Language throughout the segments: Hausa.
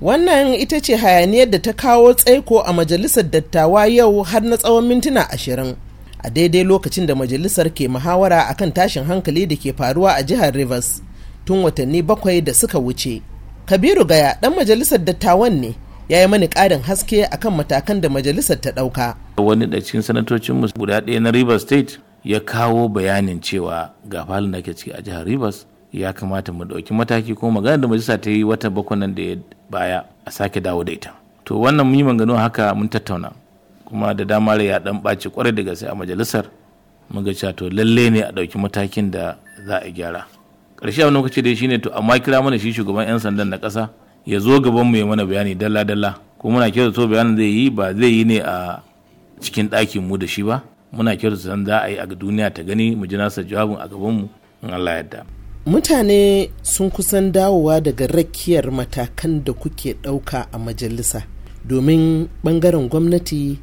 Wannan ita ce hayaniyar da ta kawo tsaiko a majalisar dattawa yau har na tsawon mintuna ashirin. a daidai lokacin da majalisar ke muhawara akan tashin hankali da ke faruwa a jihar rivers tun watanni bakwai da suka wuce kabiru gaya dan majalisar dattawan ne ya yi mani karin haske akan matakan da majalisar ta ɗauka. wani da cikin sanatocin mu guda ɗaya na rivers state ya kawo bayanin cewa ga falin da ke ciki a jihar rivers ya kamata mu ɗauki mataki ko magana da majalisa ta yi wata bakwai nan da ya baya a sake dawo da ita to wannan mun yi maganganu haka mun tattauna kuma da dama ya dan ɓaci kwarai da gaske a majalisar mun ga cewa to lalle ne a ɗauki matakin da za a gyara ƙarshe abin lokaci dai shine to amma kira mana shi shugaban 'yan sandan na kasa ya zo gaban mu ya mana bayani dalla-dalla ko muna kira to bayanin zai yi ba zai yi ne a cikin ɗakin mu da shi ba muna kira san za a yi a duniya ta gani mu ji nasa jawabin a gaban mu in Allah yarda. Mutane sun kusan dawowa daga rakiyar matakan da kuke ɗauka a majalisa domin ɓangaren gwamnati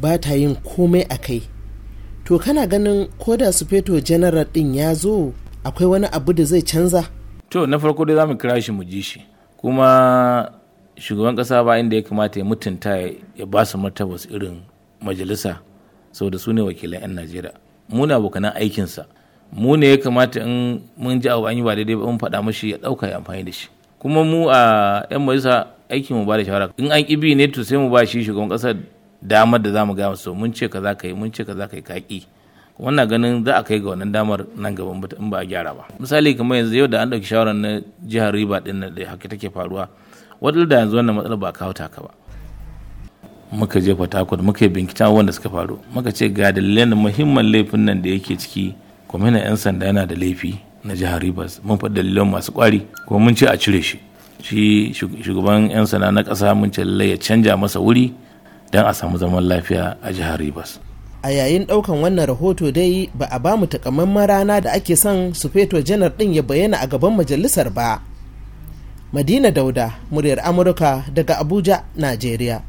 ba ta yin komai a kai. To kana ganin koda su feto janaral ɗin ya zo akwai wani abu da zai canza to na farko dai za mu kira shi mu ji shi kuma shugaban kasa ba inda ya kamata ya mutunta ya ba su martabas irin majalisa saboda su ne wakilan 'yan najeriya mu ne abokanan aikinsa mu ne ya kamata in mun ji abu an yi ba daidai ba mun faɗa mashi ya ɗauka ya amfani da shi kuma mu a 'yan majalisa aikin mu ba da shawara in an ƙibi ne to sai mu ba shi shugaban kasa damar da za mu gaya so mun ce ka za ka yi mun ce ka za ka yi kaƙi wannan ganin za a kai ga wannan damar nan gaban in ba a gyara ba misali kamar yanzu yau da an ɗauki shawarar na jihar riba ɗin da haka take faruwa wadda da yanzu wannan matsalar ba kawo taka ba muka je fatakwal muka yi binkita wanda suka faru muka ce ga dalilan muhimman laifin nan da yake ciki kwamina 'yan sanda yana da laifi na jihar rivers mun faɗi dalilan masu kwari kuma mun ce a cire shi shi shugaban 'yan sanda na ƙasa mun ce lallai ya canja masa wuri don a samu zaman lafiya a jihar rivers a yayin daukan wannan rahoto dai ba a bamu takamaiman rana da ake son su sufeto janar din ya bayyana a gaban majalisar ba madina dauda muryar amurka daga abuja najeriya